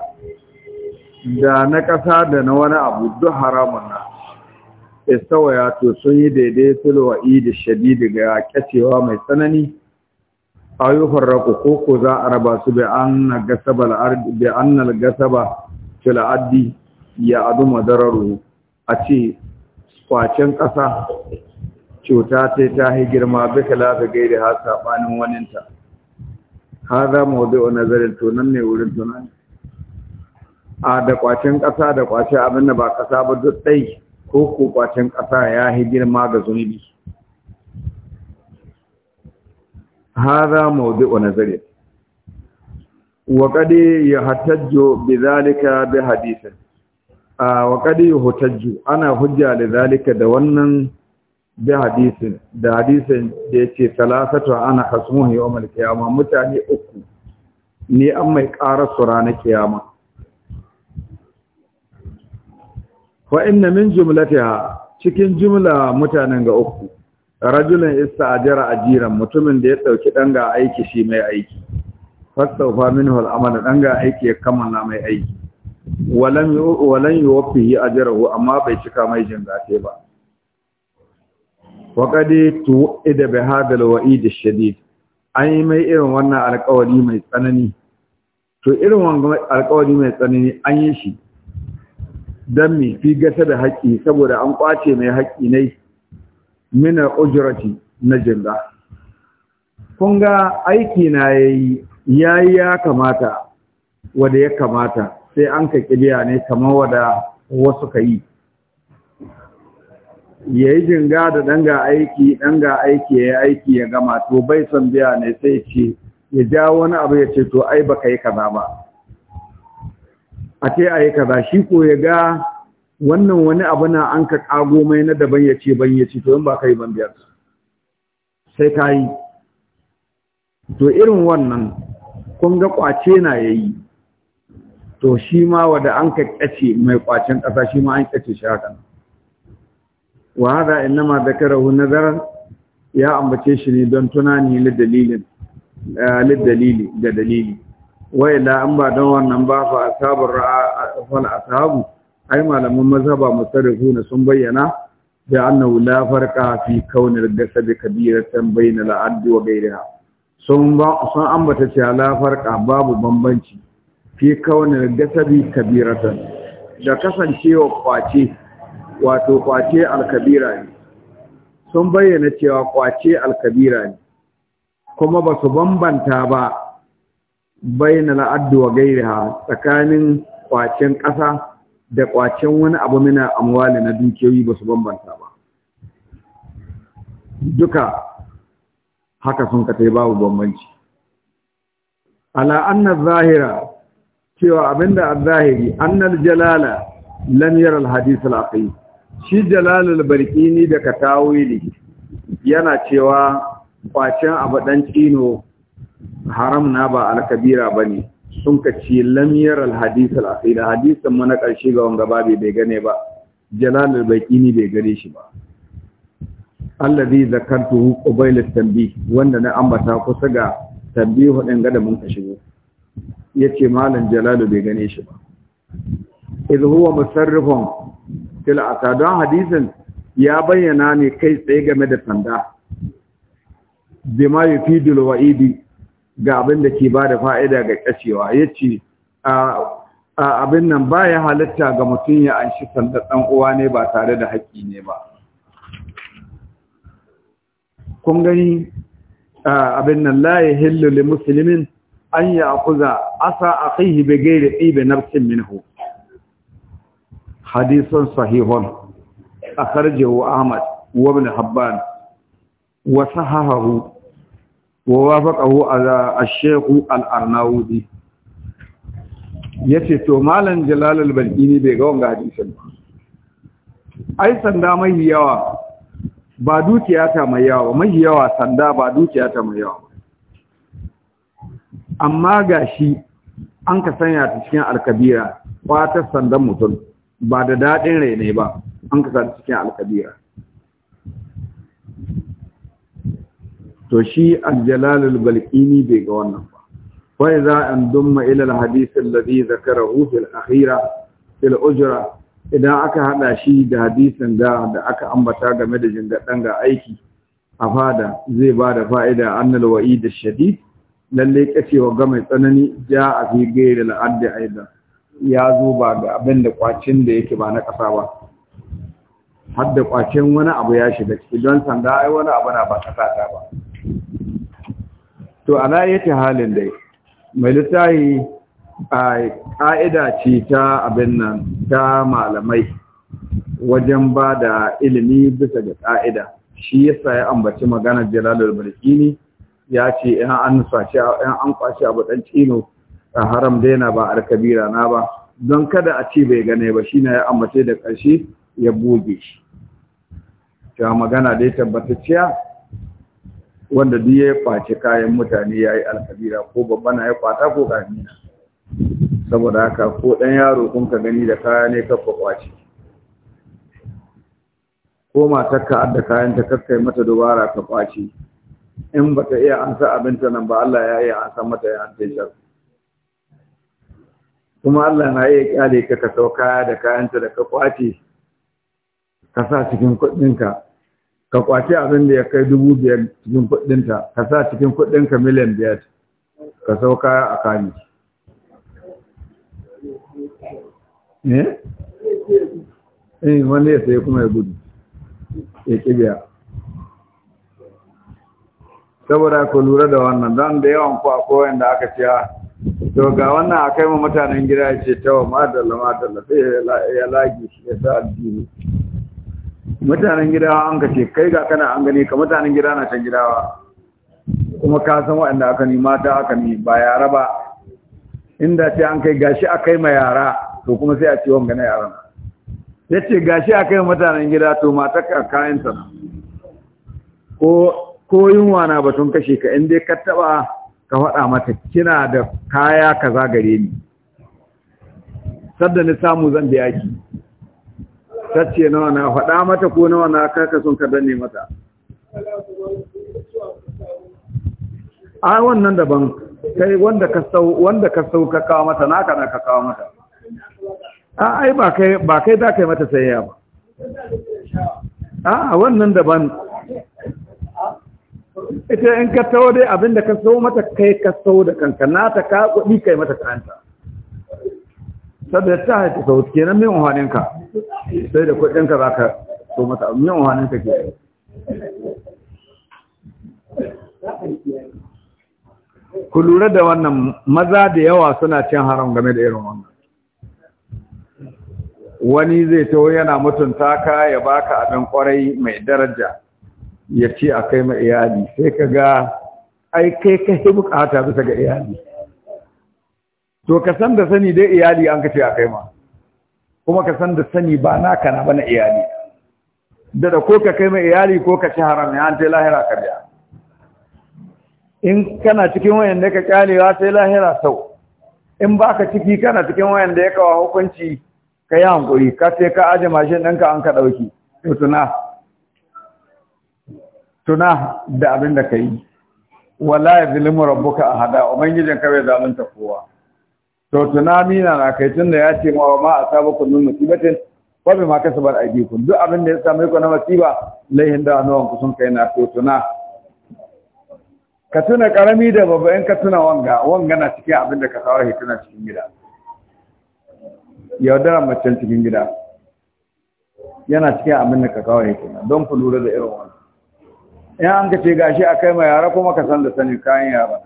da na ƙasa da na wani abu duk haramun na istawaya to sun yi daidai wa idi shadidi ga kacewa mai tsanani ayyukan raku koko za a raba su bai gasaba al-ard bi anna al gasaba addi ya adu madararu a ce kwacen ƙasa cuta ta ta yi girma bai kala da gaida ha saɓanin waninta ha za mu wadda wani nazarin tunan ne wurin tunani a da kwacen ƙasa da kwace abin da ba ƙasa ba duk ɗai ko ko ƙasa ya yi girma ga zunubi haza mawdu'u nazari wa ya hatajjo bi zalika bi A wa ya hatajjo ana hujja da zalika da wannan bi hadisa da hadisa da yace talasatu ana khasmuhu yawm kiyama mutane uku ne an mai ƙarar su ranar kiyama wa inna min jumlatiha cikin jumla mutanen ga uku rajulun ista'jara ajiran mutumin da ya ɗauki dan ga aiki shi mai aiki fastawfa minhu al'amala dan ga aiki ya kammala mai aiki walan walan yuwaffihi ajrahu amma bai cika mai jingate ba wa tu ida bi hadal waid ash-shadid ai mai irin wannan alƙawari mai tsanani to irin wannan alƙawari mai tsanani an yi shi dan mi fi gasa da haƙƙi saboda an kwace mai haƙƙi ne mina ujrati na jinga. kun ga aiki na yayi yayi ya kamata wanda ya kamata sai an ka kiliya ne kamar wanda wasu ka yi ya yi jinga da ga aiki ga aiki ya yi aiki ya gama to bai son biya ne sai ce ya ja wani abu ya ce to ai baka yi kaza ba a ce a yi kaza shi ko ya ga wannan wani abu na an ka kago mai na daban ya ce ban ya ce to in ba ka yi ban biyar sai ka yi to irin wannan kun ga kwace na ya yi to shi ma wada an ka kyace mai kwacen ƙasa shi ma an kyace shi haka wa ma innama hu nazar ya ambace shi ne don tunani li dalilin eh, li dalili da dalili wai da an ba don wannan ba fa asabar ra'a fal atabu ai malaman mazhaba ne sun bayyana da annahu la farqa fi kaunir jasad kabiratan bayna al-addi wa ghayriha sun ba sun ambata cewa la farqa babu bambanci fi kaunir jasad kabiratan da kasancewa kwace wato kwace al-kabira ne sun bayyana cewa kwace al-kabira ne kuma ba su bambanta ba Baina addu wa gairiha tsakanin kwacen ƙasa da kwacen wani abu mina amwali na dukiyoyi ba su bambanta ba duka haka sun katai babu bambanci ala anna zahira cewa abinda a zahiri annal jalala lam yara al al shi jalalul barkini da katawili yana cewa kwacen abu ɗan ƙino. haram na ba alkabira ne sun ka ce lamiyar alhadis al-akhir mana karshe ga wanga ba bai gane ba Jalalul al-baqini bai gane shi ba alladhi zai qabila tanbih wanda na ambata kusa ga tanbihu din ga mun ka shigo yace malam jalalu bai gane shi ba idh huwa musarrifun fil don hadisin ya bayyana ne kai tsaye game da sanda bima yufidul wa'idi ga abin da ke ba da fa'ida ga kacewa ya ce abin nan ba ya halitta ga mutum ya anshi shi ɗan uwa ne ba tare da haƙƙi ne ba kun gani abin nan laye hillu musulmin an ya akuza asa a kai bai gaira ɗibe nafsin minhu hadisun sahihon a karjewa ahmad wabin habban wasu hahahu wa wafaqahu al-shaykh al-arnaudi yace to malam jalalul balkini bai ga wanga hadisin ba ai sanda mai yawa ba dukiya ta mai yawa mai yawa sanda ba dukiya ta mai yawa amma gashi an ka sanya ta cikin alkabira kwatar sandan mutum ba da daɗin rai ne ba an ka sanya cikin alkabira to shi aljalalul balqini bai ga wannan ba fa idza dumma ila alhadith alladhi zakarahu fil akhira fil ujra idan aka hada shi da hadisin da da aka ambata game da jingadan ga aiki a fada zai ba da fa'ida annal wa'id ash-shadid lalle kacewa ga mai tsanani ja a fi gairil addi aida ya zo ba ga abin da kwacin da yake ba na kasa ba har da kwacin wani abu ya shiga ciki don sanda ai wani abu na ba kasa ba to ana yake halin dai mai littahi a ƙa'ida ce ta abin nan ta malamai wajen ba da ilimi bisa ga ƙa'ida shi yasa ya ambaci maganar jiralar barkini ya ce 'Yan an a an kwashi abu dan cino a haram daina ba a kabira na ba don kada a ce bai gane ba shi ya ambace da ƙarshe ya buge shi ta magana dai tabbatacciya wanda duk ya kwace kayan mutane ya yi alkabira ko babba na ya kwata ko ƙarami saboda haka ko ɗan yaro kun ka gani da kaya ne kafa kwace ko matarka adda kayan ta kakkai mata dubara ka kwace in ba ta iya ansa abinta nan ba Allah ya iya ansa mata ya ansa shar kuma Allah na iya kyale ka ka sau kaya da kayanta da ka kwace ka sa cikin kuɗinka ka kwace abin da ya kai dubu biyar cikin kuɗinta ka sa cikin ka miliyan biyar ka sau kaya a kani eh, eh wani ya sai kuma ya gudu ya kibiya saboda ku lura da wannan don da yawan ku koyan da aka ce ah, to ga wannan a kai mutanen gida ya ce tawa madalla madalla sai ya lagi ya sa addini mutanen gidawa an ka ce kai ga kana an gane ka mutanen gida na can gidawa kuma ka san waɗanda aka ni mata aka ni ba yara ba inda ce an kai gashi a kai ma yara to kuma sai a ce wanga na yaran ya ce gashi a kai mutanen gida to mata ka kayan ta ko ko yunwa na batun kashe ka in dai ka taba ka faɗa mata kina da kaya kaza gare ni sadda ni samu zan biya ki ta ce nawa na faɗa mata ko nawa na kaka sun ka danne mata a wannan daban kai wanda ka sau wanda ka sau ka kawo mata naka na ka kawo mata a ai ba kai ba kai za kai mata sayayya ba a wannan daban ita in ka tawo dai abinda ka sau mata kai ka sau da kanka nata ka kuɗi kai mata kanta saboda ta haifi sau kenan min unhaninka sai da kudinka za ka so mata min unhaninka ke ku lura da wannan maza da yawa suna cin haram game da irin wannan wani zai taho yana mutunta ka ya baka abin kwarai mai daraja ya ce a kai ma iyali sai ka ga ai kai ka bukata bisa ga iyali to ka san da sani dai iyali an kace a kai ma kuma ka san da sani ba naka na bana iyali da da ko ka kai mai iyali ko ka ci haram ya an ta lahira ka biya in kana cikin wayan da ka kyalewa sai lahira sau in baka ciki kana cikin wayan da ya kawo hukunci ka yi hankuri ka sai ka aje mashin ɗinka an ka ɗauki to tuna tuna da abin da ka yi wala ya zilimu rabbuka ahada ubangijin ka bai zalunta kowa to tunami na na kai da ya ce ma ma ba bai musibatin wa bar aiki kun duk abin da ya samu ku na masiba laihin da nawan kusan sun kai na to tuna ka tuna karami da babu in ka tuna wanga wanga na cikin abin da ka kawo tuna cikin gida yaudara macen cikin gida yana cikin abin da ka kawo hituna don ku lura da irin wannan in an ka ce gashi a kai ma yara kuma ka san da sani kayan yara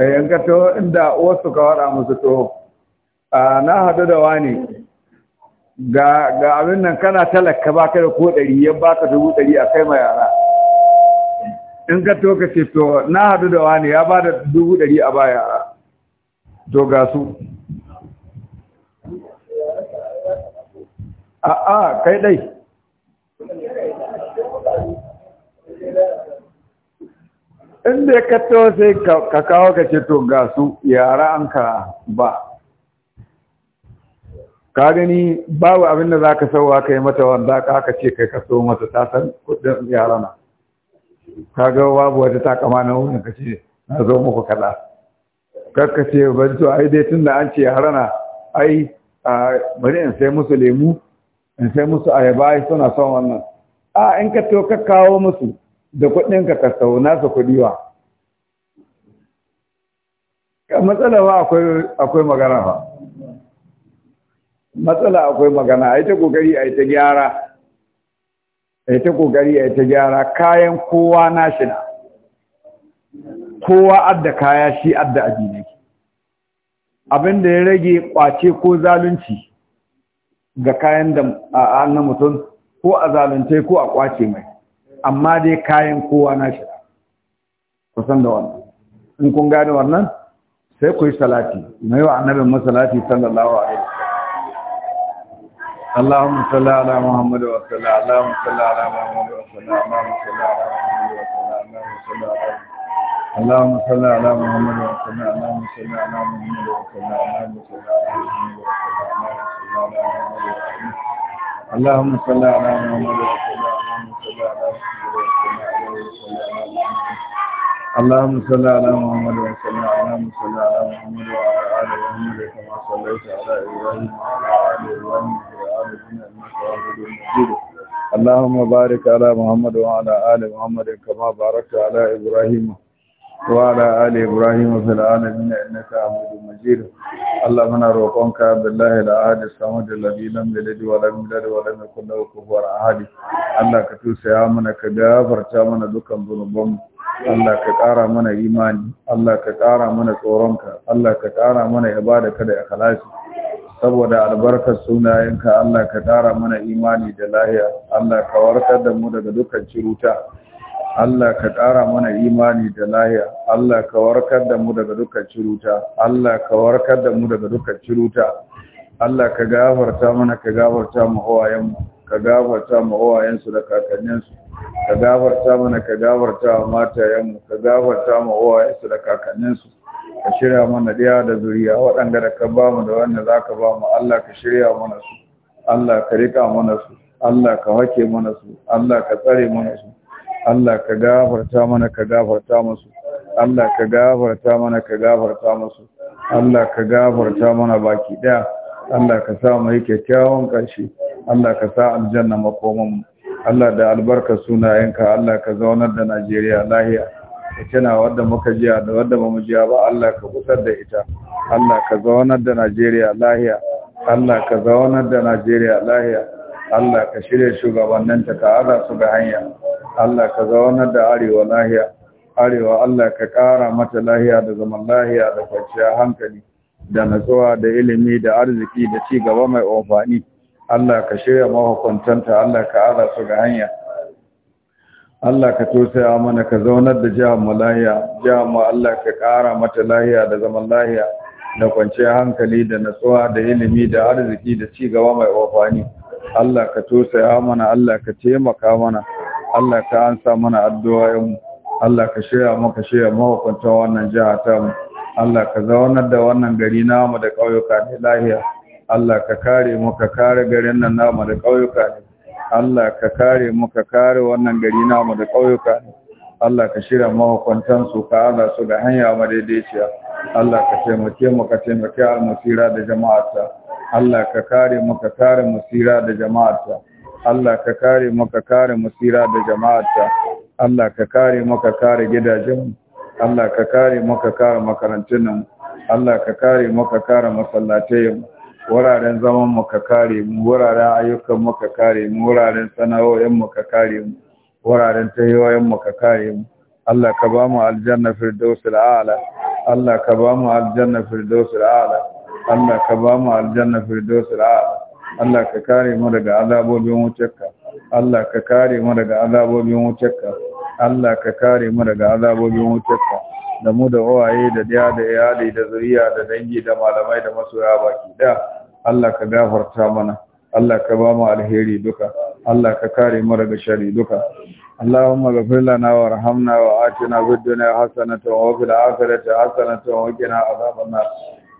Eh, in ka taho inda wasu ka waɗa musu to na hadu da wani ga abin nan kana talaka ba ka da ko ɗari ya ba ka dubu ɗari a kai ma yara in ka to ka ce to na hadu da wani ya ba da dubu ɗari a ba yara to ga su a kai dai. inda ya kattawa sai ka kawo ka ce to ga su yara an ka ba ka gani babu abin da za ka sauwa ka yi mata wanda ka ce kai ka so mata ta san kudin yara na ka ga babu wata takama na wurin ka ce na zo muku kaɗa ka ce ban to ai dai tunda an ce yara na ai bari in sai musu lemu in sai musu ayaba ai suna son wannan a in ka to ka kawo musu da kuɗinka ka sau nasa kuɗi wa matsala ba akwai magana ba matsala akwai magana a yi ta ƙoƙari a yi ta gyara a yi ta ƙoƙari a yi ta gyara kayan kowa shi na kowa adda kaya shi adda abinai abin da ya rage ƙwace ko zalunci ga kayan da na mutum ko a zalunce ko a ƙwace mai amma dai kayan kowa na shida kusan da wannan in kun gane wannan sai ku yi salati mai yi wa annabin masalati sallallahu alaihi wa Allahumma salli ala Muhammad wa wa اللهم صل على محمد وسلم اللهم صل على محمد وعلى ال محمد كما صليت على ابراهيم وعلى ال ابراهيم في العالمين انك حميد مجيد اللهم بارك على محمد وعلى ال محمد كما باركت على ابراهيم وعلى آل إبراهيم في العالمين إنك حميد مجيد اللهم انا روقك بالله الأحد الصمد الذي لم يلد ولم يولد ولم يكن له كفوا أحد الله كتوسع منا كغفرتا منا دكان ذنوبنا Allah ka ƙara mana imani Allah ka ƙara mana tsoronka Allah ka ƙara mana saboda albarkar sunayenka Allah ka ƙara mana imani da lahiya Allah ka warkar da mu daga dukkan ciruta Allah ka ƙara mana imani da lahiya Allah ka warkar da mu daga dukkan ciruta Allah ka warkar da mu daga dukkan ciruta Allah ka gafarta mana ka gafarta mu hawayen mu ka gafarta mu hawayen su da kakannin su ka gafarta mana ka gafarta wa matayen mu ka gafarta mu hawayen su da kakannin su ka shirya mana diya da zuriya waɗanda da ka ba mu da wanda za ka ba mu Allah ka shirya mana su Allah ka rika mana su Allah ka hake mana su Allah ka tsare mana su Allah ka gafarta mana ka gafarta musu Allah ka gafarta mana ka gafarta musu Allah ka gafarta mana baki daya Allah ka sa mu yi kyakkyawan ƙarshe Allah ka sa aljanna makoman mu Allah da albarka sunayenka Allah ka zaunar da Najeriya lahiya ka tana wanda muka jiya da wanda ba mu jiya ba Allah ka kusar da ita Allah ka zaunar da Najeriya lahiya Allah ka zaunar da Najeriya lahiya Allah ka shirya shugabanninta ka haɗa su ga hanya Allah ka zaunar da arewa lahiya arewa Allah ka ƙara mata lahiya da zaman lahiya da kwanciya hankali da natsuwa da ilimi da arziki da ci gaba mai amfani Allah ka shirya mahukuntanta Allah ka haɗa su ga hanya Allah ka tosaya mana ka zaunar da jihar lahiya jihar Allah ka ƙara mata lahiya da zaman lahiya da kwanciya hankali da natsuwa da ilimi da arziki da ci gaba mai amfani Allah ka tosaya mana Allah ka taimaka mana Allah ka ansa mana addu'o'in Allah ka shirya maka shirya mawakanta wannan jiha ta mu Allah ka zaunar da wannan gari namu da ƙauyuka ne lahiya Allah ka kare mu ka kare garin nan namu da ƙauyuka ne Allah ka kare mu ka kare wannan gari namu da ƙauyuka ne Allah ka shirya mahukuntan su ka hada su ga hanya madaidaiciya Allah ka taimake mu ka taimake almasira da jama'ata Allah ka kare mu ka kare musira da jama'arta Allah ka kare mu ka kare musira da jama'arta Allah ka kare mu ka kare gidajen Allah ka kare mu ka kare makarantun Allah ka kare mu ka kare masallatayen wuraren zaman mu ka kare mu wuraren ayyukan mu ka kare mu wuraren sana'o'in mu ka kare mu wuraren tayoyin mu ka kare mu Allah ka ba mu aljanna firdausul a'la Allah ka ba mu aljanna firdausul a'la Allah ka ba mu aljanna firdausul ra'a Allah ka kare mu daga azabobin wutarka Allah ka kare mu daga azabobin wutarka Allah ka kare mu daga azabobin wutarka da mu da uwaye da daya da iyali da zuriya da dangi da malamai da masoya baki da Allah ka gafarta mana Allah ka ba mu alheri duka Allah ka kare mu daga shari duka اللهم اغفر لنا وارحمنا وآتنا في الدنيا حسنة وفي الآخرة حسنة وقنا عذاب النار